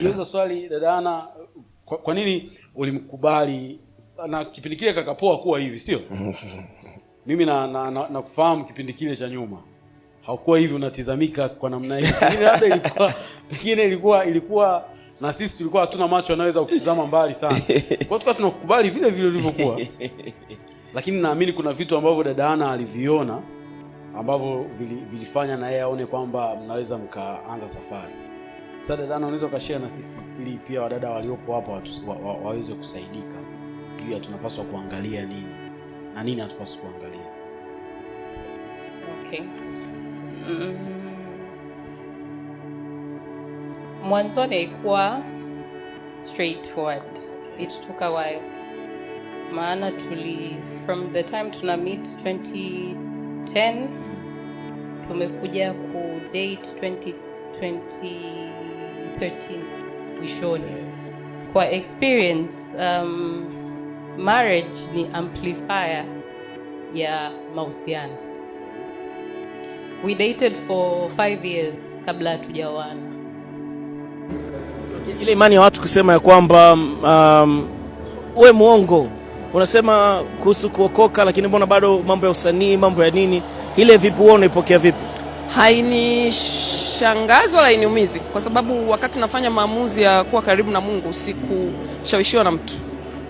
Niuliza swali dada Ana, kwa, kwa nini ulimkubali na kipindi kile kakapoa kuwa hivi sio? Mimi na nakufahamu na, na kipindi kile cha nyuma. Haukuwa hivi unatizamika kwa namna hii. Labda ilikuwa pengine ilikuwa ilikuwa na sisi tulikuwa hatuna macho yanaweza kutizama mbali sana. Kwa hiyo tunakubali vile vile ulivyokuwa. Lakini naamini kuna vitu ambavyo dada Ana aliviona ambavyo vilifanya na yeye aone kwamba mnaweza mkaanza safari. Sasa dada, unaweza ukashare na sisi ili pia wadada waliopo hapa waweze kusaidika juu ya tunapaswa kuangalia nini na nini hatupaswi kuangalia. Okay. Mm. Mwanzoni haikuwa straightforward. It took a while. Maana tuli from the time tuna meet 2010 mm. tumekuja ku date 2020 13 mwishoni. Kwa experience um, marriage ni amplifier ya mahusiano. We dated for five years kabla hatujaoana. Ile imani ya watu kusema ya kwamba um, we mwongo unasema kuhusu kuokoka, lakini mbona bado mambo ya usanii, mambo ya nini, ile vipi? Wewe unaipokea vipi? haini haijanitangaza wala iniumizi, kwa sababu wakati nafanya maamuzi ya kuwa karibu na Mungu sikushawishiwa na mtu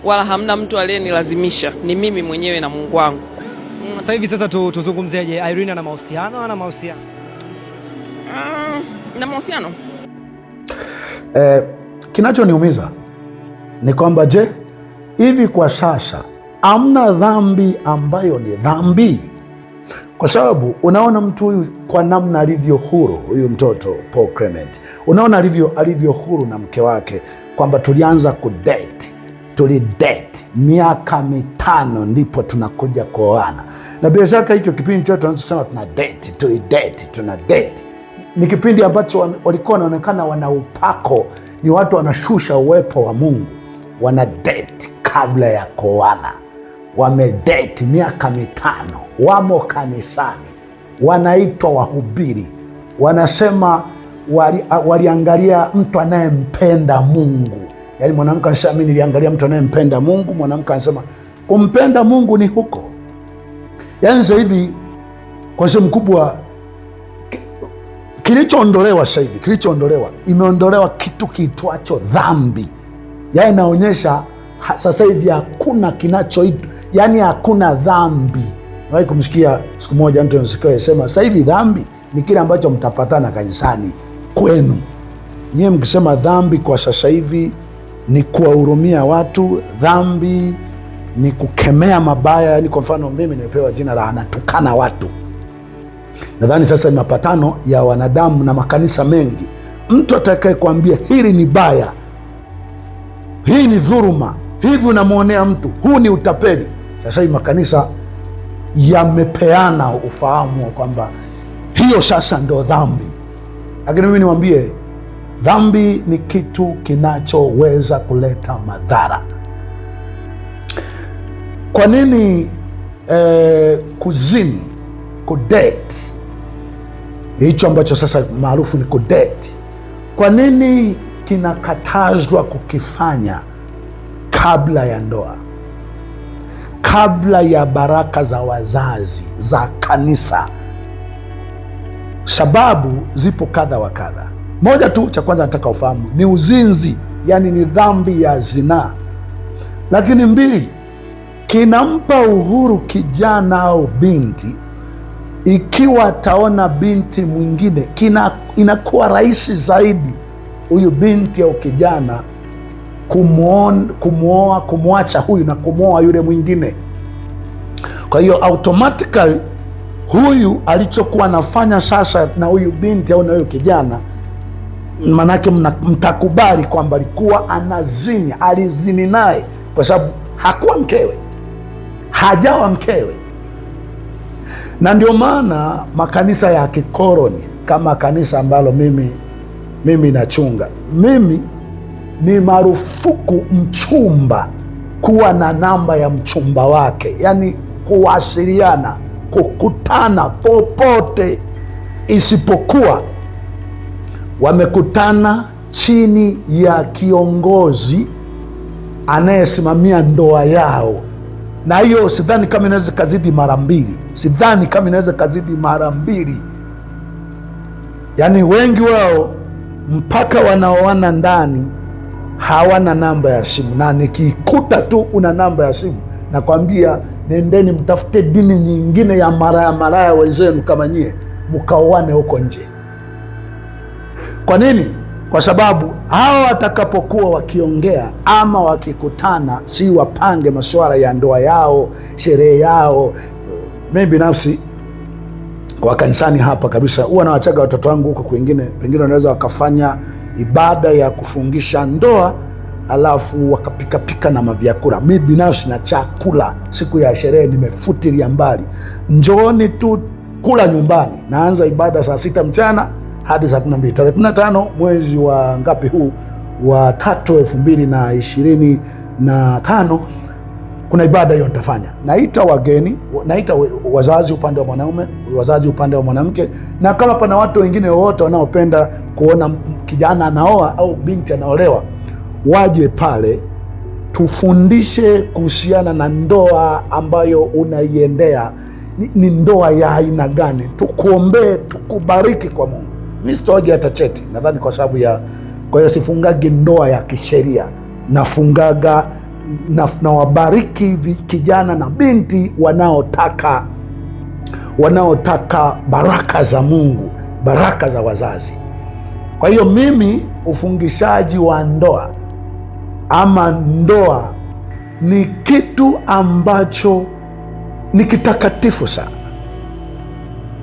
wala hamna mtu aliyenilazimisha, ni mimi mwenyewe na Mungu wangu. Mm, sasa hivi sasa tu, tuzungumzeje? Irene ana mahusiano ana mahusiano ah, na mahusiano eh, kinachoniumiza ni kwamba je, hivi kwa sasa amna dhambi ambayo ni dhambi kwa sababu unaona mtu huyu kwa namna alivyo huru, huyu mtoto Paul Clement, unaona alivyo alivyo huru na mke wake, kwamba tulianza kudate, tulidate miaka mitano ndipo tunakuja kuoana, na bila shaka hicho kipindi chote tunachosema tuna date, tulidate, tuna date ni kipindi ambacho walikuwa wanaonekana wana upako, ni watu wanashusha uwepo wa Mungu, wana date kabla ya kuoana wamedeti miaka mitano, wamo kanisani, wanaitwa wahubiri, wanasema wali, waliangalia mtu anayempenda Mungu. Yaani mwanamke anasema mi niliangalia mtu anayempenda Mungu, mwanamke anasema kumpenda Mungu ni huko. Yaani sasa hivi kwa sehemu kubwa kilichoondolewa sasa hivi, kilichoondolewa, imeondolewa kitu kiitwacho dhambi. Yaani inaonyesha sasa hivi hakuna kinachoitwa yaani hakuna dhambi. Wahi kumsikia siku moja mtu sema, sasa hivi dhambi ni kile ambacho mtapatana kanisani kwenu. Nyiwe mkisema dhambi kwa sasa hivi ni kuwahurumia watu, dhambi ni kukemea mabaya. Yani kwa mfano mimi nimepewa jina la anatukana watu. Nadhani sasa ni mapatano ya wanadamu na makanisa mengi. Mtu atakaye kuambia hili ni baya, hii ni dhuruma, hivi unamwonea mtu, huu ni utapeli sasa hivi makanisa yamepeana ufahamu wa kwamba hiyo sasa ndo dhambi, lakini mimi niwambie, dhambi ni kitu kinachoweza kuleta madhara. Kwa nini eh, kuzini kudate hicho ambacho sasa maarufu ni kudate, kwa nini kinakatazwa kukifanya kabla ya ndoa? kabla ya baraka za wazazi za kanisa. Sababu zipo kadha wa kadha. Moja tu cha kwanza nataka ufahamu ni uzinzi, yani ni dhambi ya zinaa. Lakini mbili, kinampa uhuru kijana au binti, ikiwa ataona binti mwingine, kina inakuwa rahisi zaidi huyu binti au kijana kumwoa, kumwacha huyu na kumwoa yule mwingine. Kwa hiyo automatically huyu alichokuwa anafanya sasa na huyu binti au na huyu kijana, maanake mtakubali kwamba alikuwa anazini, alizini naye kwa sababu hakuwa mkewe, hajawa mkewe. Na ndio maana makanisa ya kikoroni kama kanisa ambalo mimi mimi nachunga mimi ni marufuku mchumba kuwa na namba ya mchumba wake, yaani kuwasiliana, kukutana popote isipokuwa wamekutana chini ya kiongozi anayesimamia ndoa yao, na hiyo sidhani kama inaweza kazidi mara mbili, sidhani kama inaweza kazidi mara mbili. Yaani wengi wao mpaka wanaoana ndani hawana namba ya simu, na nikikuta tu una namba ya simu, nakwambia nendeni mtafute dini nyingine ya maraya maraya wenzenu kama nyie, mkaoane huko nje. Kwa nini? Kwa sababu hawa watakapokuwa wakiongea ama wakikutana, si wapange masuala ya ndoa yao, sherehe yao. Mimi binafsi kwa kanisani hapa kabisa, huwa nawachaga watoto wangu huko kwingine, pengine wanaweza wakafanya ibada ya kufungisha ndoa, alafu wakapikapika na mavyakula. Mi binafsi na chakula siku ya sherehe nimefutilia mbali, njooni tu kula nyumbani. Naanza ibada saa sita mchana hadi saa kumi na mbili tarehe kumi na tano mwezi wa ngapi huu wa tatu elfu mbili na ishirini na tano kuna ibada hiyo nitafanya. Naita wageni, naita wazazi upande wa mwanaume, wazazi upande wa mwanamke, na kama pana watu wengine wowote wanaopenda kuona kijana anaoa au binti anaolewa, waje pale tufundishe kuhusiana na ndoa ambayo unaiendea ni, ni ndoa ya aina gani, tukuombee, tukubariki kwa Mungu. Mi sitoaji hata cheti, nadhani kwa sababu ya, kwa hiyo sifungagi ndoa ya kisheria, nafungaga na, nawabariki kijana na binti wanaotaka wanaotaka baraka za Mungu, baraka za wazazi kwa hiyo mimi, ufungishaji wa ndoa ama ndoa ni kitu ambacho ni kitakatifu sana.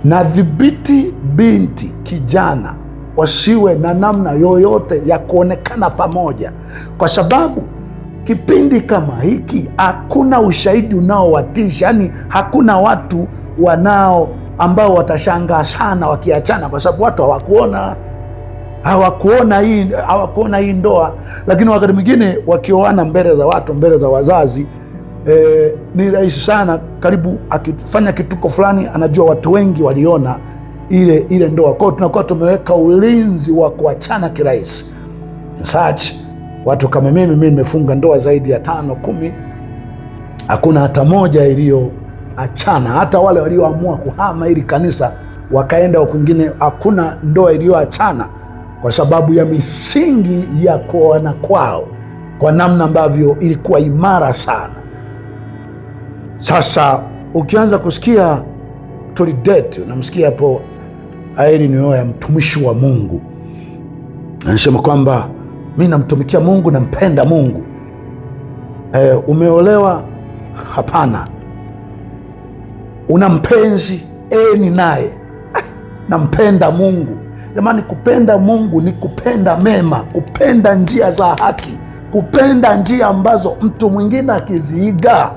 Nadhibiti binti kijana wasiwe na namna yoyote ya kuonekana pamoja, kwa sababu kipindi kama hiki hakuna ushahidi unaowatisha, yaani hakuna watu wanao ambao watashangaa sana wakiachana, kwa sababu watu hawakuona hawakuona hii hawakuona hii ndoa, lakini wakati mwingine wakioana mbele za watu, mbele za wazazi e, ni rahisi sana, karibu akifanya kituko fulani anajua watu wengi waliona ile ile ndoa kwao. Tunakuwa tumeweka ulinzi wa kuachana kirahisi. Search watu kama mimi, mi nimefunga ndoa zaidi ya tano kumi, hakuna hata moja iliyoachana. Hata wale walioamua kuhama ili kanisa wakaenda kwingine, hakuna ndoa iliyoachana kwa sababu ya misingi ya kuoana kwao kwa namna ambavyo ilikuwa imara sana. Sasa ukianza kusikia Tolideti, unamsikia hapo Aeli nioa ya mtumishi wa Mungu, anasema kwamba mi namtumikia Mungu, nampenda Mungu. E, umeolewa? Hapana. Una mpenzi? E, ee, ni naye nampenda Mungu. Jamani, kupenda Mungu ni kupenda mema, kupenda njia za haki, kupenda njia ambazo mtu mwingine akiziiga,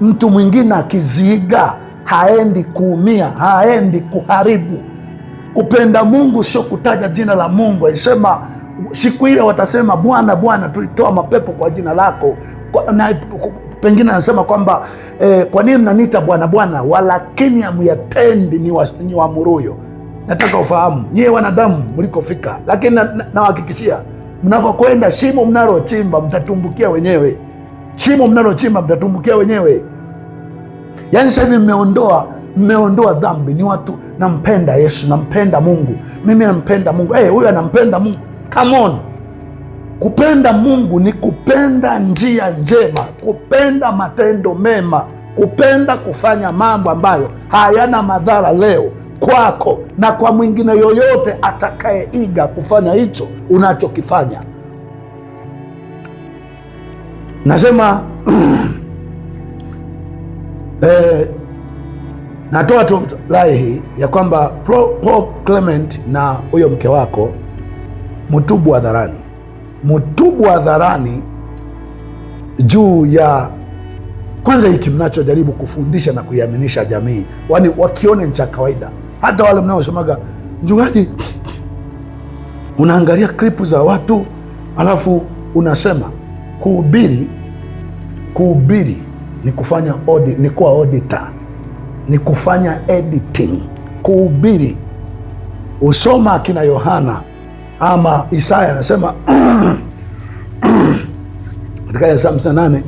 mtu mwingine akiziiga haendi kuumia, haendi kuharibu. Kupenda Mungu sio kutaja jina la Mungu. Alisema siku ile watasema, Bwana Bwana, tulitoa mapepo kwa jina lako kwa, na, pengine anasema kwamba eh, kwa nini mnaniita Bwana Bwana walakini hamyatendi ni wamuruyo nataka ufahamu nyie wanadamu mlikofika, lakini nawahakikishia na mnakokwenda, shimo mnalochimba mtatumbukia wenyewe. Shimo mnalochimba mtatumbukia wenyewe. Yaani sasa hivi mmeondoa mmeondoa dhambi, ni watu nampenda Yesu, nampenda Mungu, mimi nampenda Mungu, eh, huyu anampenda Mungu. Come on, kupenda Mungu ni kupenda njia njema, kupenda matendo mema, kupenda kufanya mambo ambayo hayana madhara leo kwako na kwa mwingine yoyote atakayeiga kufanya hicho unachokifanya. Nasema eh, natoa tu rai hii ya kwamba Paul Clement na huyo mke wako mtubu hadharani, mtubu hadharani juu ya kwanza hiki mnachojaribu kufundisha na kuiaminisha jamii, wani wakione ni cha kawaida hata wale mnaosemaga mchungaji, unaangalia klipu za watu alafu unasema kuhubiri. Kuhubiri ni kufanya audit, ni kuwa auditor, ni kufanya editing. Kuhubiri usoma akina Yohana ama Isaya anasema katika Isaya 58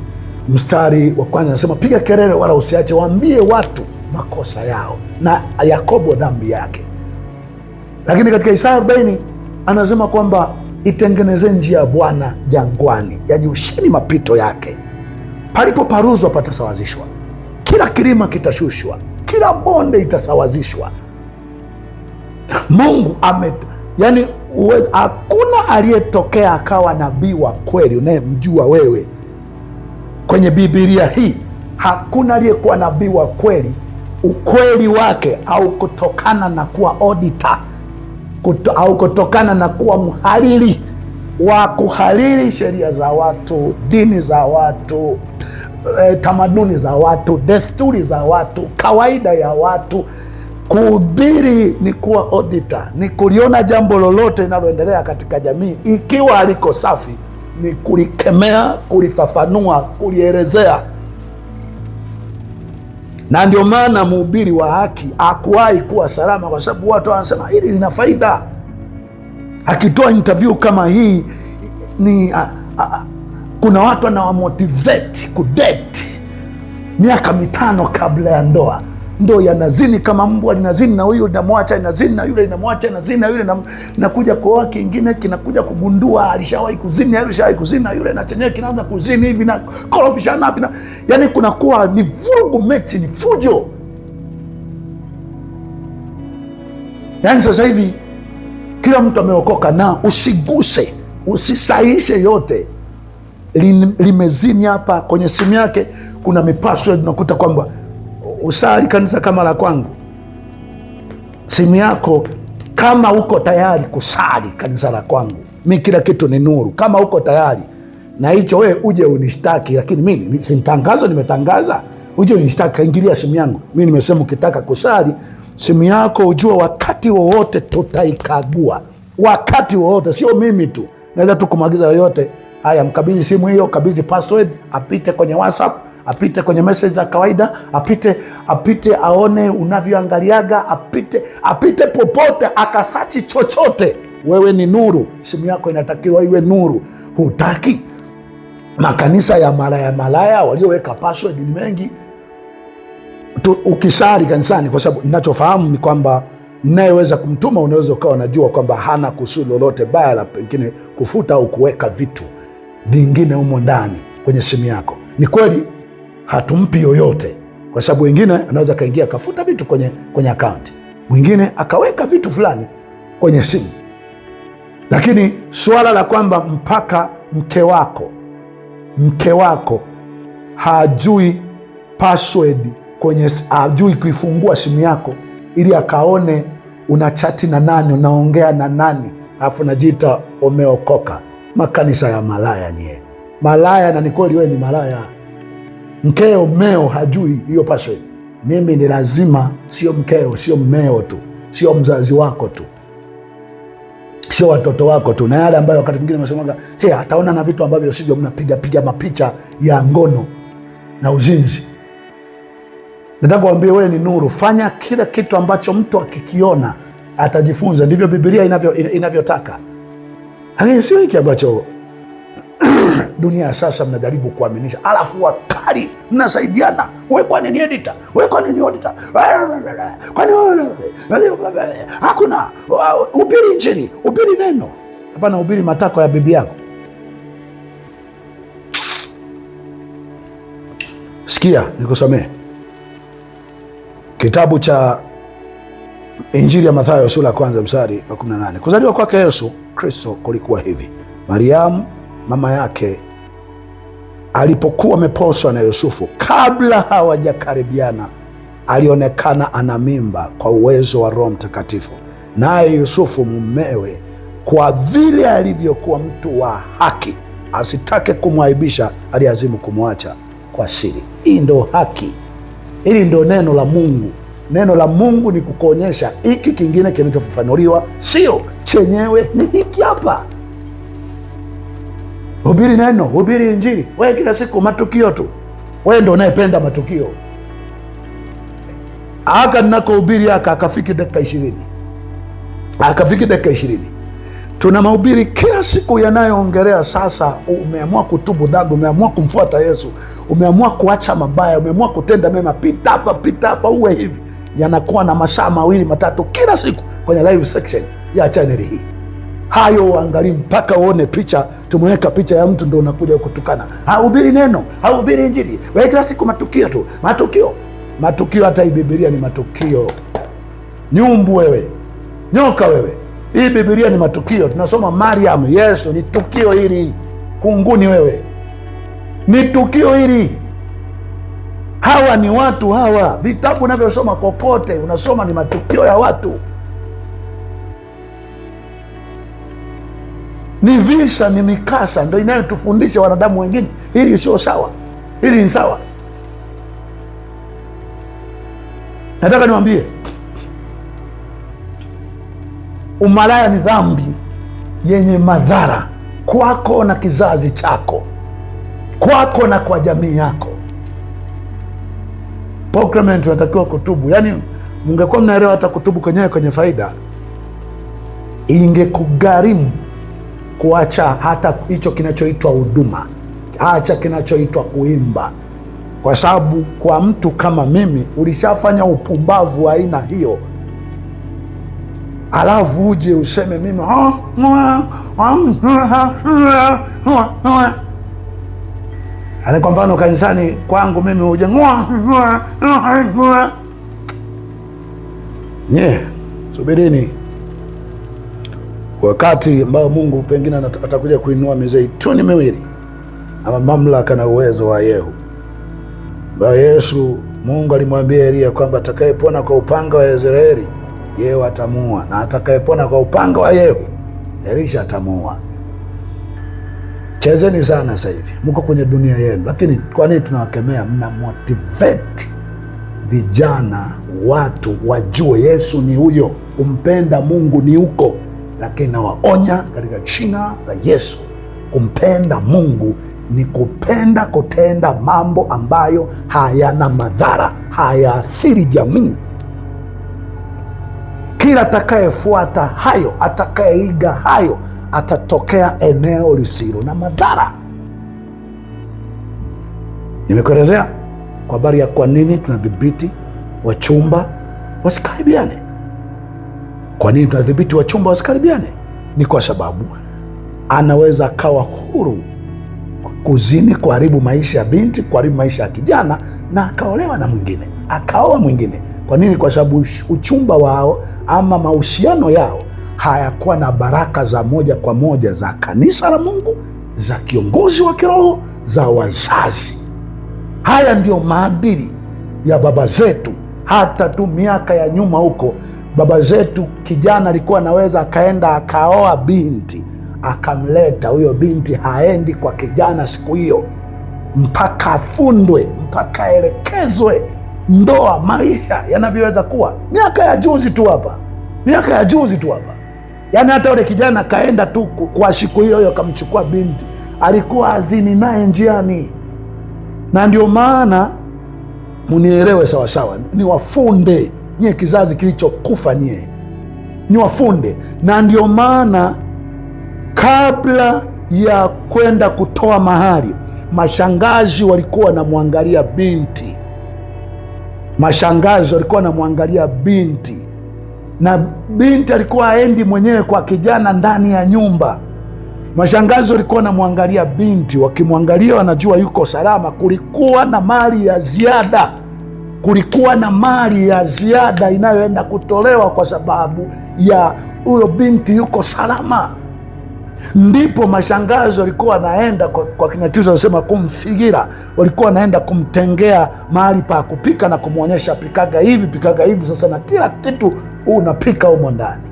mstari wa kwanza anasema, piga kelele wala usiache, waambie watu makosa yao na Yakobo dhambi yake. Lakini katika Isaya 40 anasema kwamba itengeneze njia ya Bwana jangwani, yanyusheni mapito yake. Palipoparuzwa patasawazishwa, kila kilima kitashushwa, kila bonde itasawazishwa. Mungu ame yani, hakuna aliyetokea akawa nabii wa kweli unayemjua wewe kwenye Bibilia hii, hakuna aliyekuwa nabii wa kweli ukweli wake haukutokana na kuwa auditor, haukutokana na kuwa mhariri wa kuhariri sheria za watu, dini za watu, e, tamaduni za watu, desturi za watu, kawaida ya watu. Kuhubiri ni kuwa auditor, ni kuliona jambo lolote linaloendelea katika jamii, ikiwa aliko safi, ni kulikemea, kulifafanua, kulielezea na ndio maana mhubiri wa haki akuwahi kuwa salama, kwa sababu watu wanasema hili lina faida. Akitoa interview kama hii ni a, a, kuna watu anawamotivate kudate miaka mitano kabla ya ndoa ndo yanazini kama mbwa linazini na huyu linamwacha, linazini na yule linamwacha, linazini na yule, nakuja koa kingine kinakuja kugundua alishawahi kuzini, alishawahi kuzini na yule, na chenyewe kinaanza kuzini hivi na korofishana na yani kunakuwa ni vurugu mechi, ni fujo. Yani sasa hivi kila mtu ameokoka, na usiguse, usisaishe yote limezini hapa kwenye simu yake, kuna mipaso unakuta kwamba usali kanisa kama la kwangu, simu yako kama uko tayari kusali kanisa la kwangu, mi kila kitu ni nuru. Kama uko tayari na hicho, we uje unishtaki, lakini mi simtangazo, nimetangaza. Uje unishtaki, kaingilia simu yangu. Mi nimesema ukitaka kusali simu yako, ujua wakati wowote tutaikagua, wakati wowote, sio mimi tu, naweza tu kumwagiza yoyote. Haya, mkabidhi simu hiyo, kabidhi password, apite kwenye WhatsApp apite kwenye message za kawaida, apite apite, aone unavyoangaliaga, apite apite popote, akasachi chochote. Wewe ni nuru, simu yako inatakiwa iwe nuru. Hutaki makanisa ya malaya malaya walioweka password ni mengi tu, ukisari kanisani, kwa sababu ninachofahamu ni kwamba mnayeweza kumtuma unaweza ukawa unajua kwamba hana kusudi lolote baya la pengine kufuta au kuweka vitu vingine humo ndani kwenye simu yako. Ni kweli hatumpi yoyote, kwa sababu wengine anaweza akaingia akafuta vitu kwenye, kwenye akaunti, mwingine akaweka vitu fulani kwenye simu. Lakini suala la kwamba mpaka mke wako mke wako hajui password kwenye hajui kuifungua simu yako ili akaone una chati na nani, unaongea na nani, alafu najiita umeokoka. Makanisa ya malaya nie malaya na ni kweli, wewe ni malaya mkeo mmeo hajui hiyo paswe. Mimi ni lazima, sio mkeo, sio mmeo tu, sio mzazi wako tu, sio watoto wako tu, na yale ambayo wakati mwingine mesemaga ataona na vitu ambavyo sivyo, mnapiga piga mapicha ya ngono na uzinzi. Nataka kuambia wewe ni nuru, fanya kila kitu ambacho mtu akikiona atajifunza. Ndivyo Bibilia inavyotaka inavyo, lakini sio hiki ambacho dunia ya sasa mnajaribu kuaminisha, alafu wakali mnasaidiana, we kwani ni edita, we kwani ni odita, kwani hakuna ubiri nchini, ubiri neno. Hapana, ubiri matako ya bibi yako. Sikia nikusomee kitabu cha Injili ya Mathayo sura ya kwanza mstari wa 18. Kuzaliwa kwake Yesu Kristo kulikuwa hivi: Mariamu mama yake alipokuwa ameposwa na Yusufu, kabla hawajakaribiana alionekana ana mimba kwa uwezo wa Roho Mtakatifu, naye Yusufu mumewe, kwa vile alivyokuwa mtu wa haki, asitake kumwaibisha, aliazimu kumwacha kwa siri. Hii ndo haki, hili ndo neno la Mungu. Neno la Mungu ni kukuonyesha hiki, kingine kinachofafanuliwa sio chenyewe, ni hiki hapa. Hubiri neno, hubiri Injili. Wewe kila siku matukio tu, wewe ndo unayependa matukio. Aka ninakohubiri aka akafiki dakika ishirini, akafiki dakika ishirini. Tuna mahubiri kila siku yanayoongelea sasa, umeamua kutubu dhambi, umeamua kumfuata Yesu, umeamua kuacha mabaya, umeamua kutenda mema, pita hapa, pita hapa, uwe hivi. Yanakuwa na masaa mawili matatu kila siku kwenye live section ya chaneli hii hayo uangalii mpaka uone picha. Tumeweka picha ya mtu ndo unakuja kutukana. haubiri neno, haubiri Injili, we kila siku matukio tu, matukio, matukio. Hata hii Bibilia ni matukio. Nyumbu wewe, nyoka wewe, hii Bibilia ni matukio. Tunasoma Mariamu, Yesu ni tukio hili. Kunguni wewe, ni tukio hili. Hawa ni watu hawa, vitabu unavyosoma kokote unasoma ni matukio ya watu. ni visa, ni mikasa ndo inayotufundisha wanadamu wengine, hili sio sawa, hili ni sawa. Nataka niwambie, umalaya ni dhambi yenye madhara kwako na kizazi chako, kwako na kwa jamii yako. Pokrament unatakiwa kutubu. Yaani, mungekuwa mnaelewa hata kutubu kwenyewe kwenye faida, ingekugharimu kuacha hata hicho kinachoitwa huduma, acha kinachoitwa kuimba, kwa sababu kwa mtu kama mimi ulishafanya upumbavu wa aina hiyo, alafu uje useme mimi ah, ah, ah, Yaani, kwa mfano kanisani kwangu mimi uje nye, subirini wakati ambao Mungu pengine atakuja kuinua mizeituni miwili ama mamlaka na uwezo wa Yehu, ambayo Yesu Mungu alimwambia Eliya kwamba atakayepona kwa upanga wa Yezreeli Yehu atamua, na atakayepona kwa upanga wa Yehu Elisha atamua. Chezeni sana sasa hivi, mko kwenye dunia yenu, lakini kwa nini tunawakemea? Mna motivate vijana, watu wajue Yesu ni huyo, kumpenda Mungu ni huko lakini nawaonya katika jina la Yesu, kumpenda Mungu ni kupenda kutenda mambo ambayo hayana madhara, hayaathiri jamii. Kila atakayefuata hayo, atakayeiga hayo, atatokea eneo lisilo na madhara. Nimekuelezea kwa habari ya kwa nini tunadhibiti wachumba wasikaribiane. Kwa nini tunadhibiti wachumba wasikaribiane? Ni kwa sababu anaweza akawa huru kuzini, kuharibu maisha ya binti, kuharibu maisha ya kijana, na akaolewa na mwingine, akaoa mwingine. Kwa nini? Kwa sababu uchumba wao ama mahusiano yao hayakuwa na baraka za moja kwa moja za kanisa la Mungu, za kiongozi wa kiroho, za wazazi. Haya ndiyo maadili ya baba zetu, hata tu miaka ya nyuma huko baba zetu, kijana alikuwa anaweza akaenda akaoa binti akamleta huyo binti, haendi kwa kijana siku hiyo mpaka afundwe, mpaka aelekezwe ndoa, maisha yanavyoweza kuwa. Miaka ya juzi tu hapa, miaka ya juzi tu hapa, yaani hata yule kijana akaenda tu kwa siku hiyo hiyo akamchukua binti, alikuwa azini naye njiani. Na ndio maana munielewe sawasawa, ni wafunde nyie kizazi kilichokufa nyie, wafunde. Na ndio maana kabla ya kwenda kutoa mahari, mashangazi walikuwa wanamwangalia binti, mashangazi walikuwa wanamwangalia binti, na binti alikuwa aendi mwenyewe kwa kijana ndani ya nyumba. Mashangazi walikuwa wanamwangalia binti, wakimwangalia wanajua yuko salama. Kulikuwa na mali ya ziada kulikuwa na mali ya ziada inayoenda kutolewa kwa sababu ya huyo binti yuko salama. Ndipo mashangazi walikuwa wanaenda kwa, kwa Kinyakyusa wanasema kumfigira, walikuwa wanaenda kumtengea mahali pa kupika na kumwonyesha pikaga hivi pikaga hivi, sasa na kila kitu unapika humo ndani.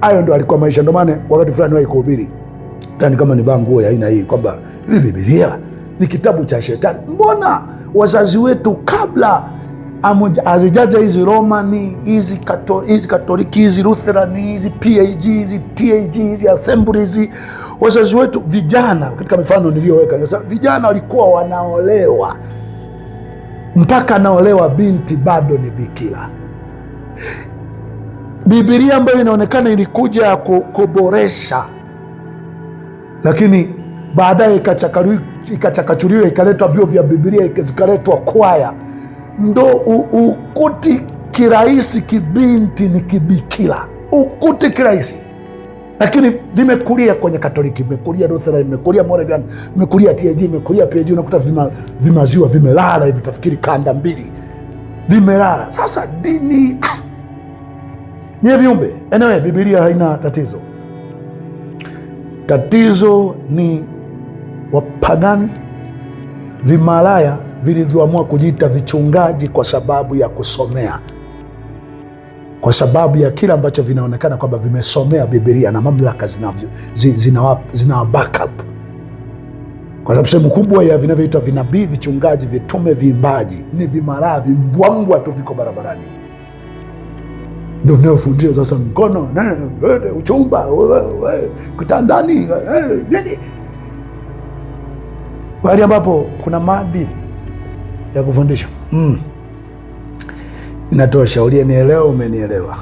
Hayo ndo alikuwa maisha. Ndo maana wakati fulani wai kuhubiri tani kama nivaa nguo ya aina hii kwamba hivi Bibilia ni kitabu cha Shetani, mbona wazazi wetu kabla hazijaja hizi Romani, hizi Katoliki, hizi Lutherani, hizi PAG, hizi TAG, hizi Assemblies, wazazi wetu vijana, katika mifano niliyoweka sasa, vijana walikuwa wanaolewa mpaka anaolewa binti bado ni bikira. Bibilia ambayo inaonekana ilikuja kuboresha, lakini baadaye ikachakaliwa ikachakachuliwa, ikaletwa vyuo vya Bibilia, zikaletwa kwaya, ndo ukuti kirahisi kibinti ni kibikira, ukuti kirahisi lakini vimekulia kwenye Katoliki, vimekulia Lutheran, vimekulia Moravian, vimekulia TAG, vimekulia PAG. Unakuta vima, vimaziwa vimelala hivi, tafikiri kanda mbili vimelala. Sasa dini ah! nie viumbe enyewe, Bibilia haina tatizo. Tatizo ni Wapagani vimalaya vilivyoamua kujiita vichungaji kwa sababu ya kusomea, kwa sababu ya kile ambacho vinaonekana kwamba vimesomea Bibilia na mamlaka zinavyo zina, zina kwa sababu sehemu kubwa ya vinavyoitwa vinabii, vichungaji, vitume, viimbaji ni vimalaya vimbwangwa tu viko barabarani ndo vinayofundisha sasa mkono uchumba kitandani nini mahali ambapo kuna maadili ya kufundisha mm. Inatosha, uliyenielewa umenielewa,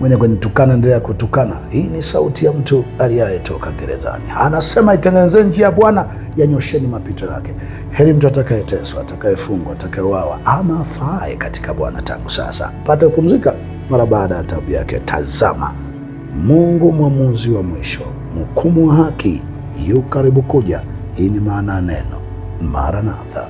mwenye kunitukana endelea kutukana. Hii ni sauti ya mtu aliyetoka gerezani, anasema itengeneze njia ya Bwana, yanyosheni mapito yake. Heri mtu atakayeteswa, atakayefungwa, atakayewawa ama afaaye katika Bwana, tangu sasa pate kupumzika mara baada ya taabu yake. Tazama, Mungu mwamuzi wa mwisho, mhukumu wa haki, yu karibu kuja. Hii ni Maana ya Neno, Maranatha.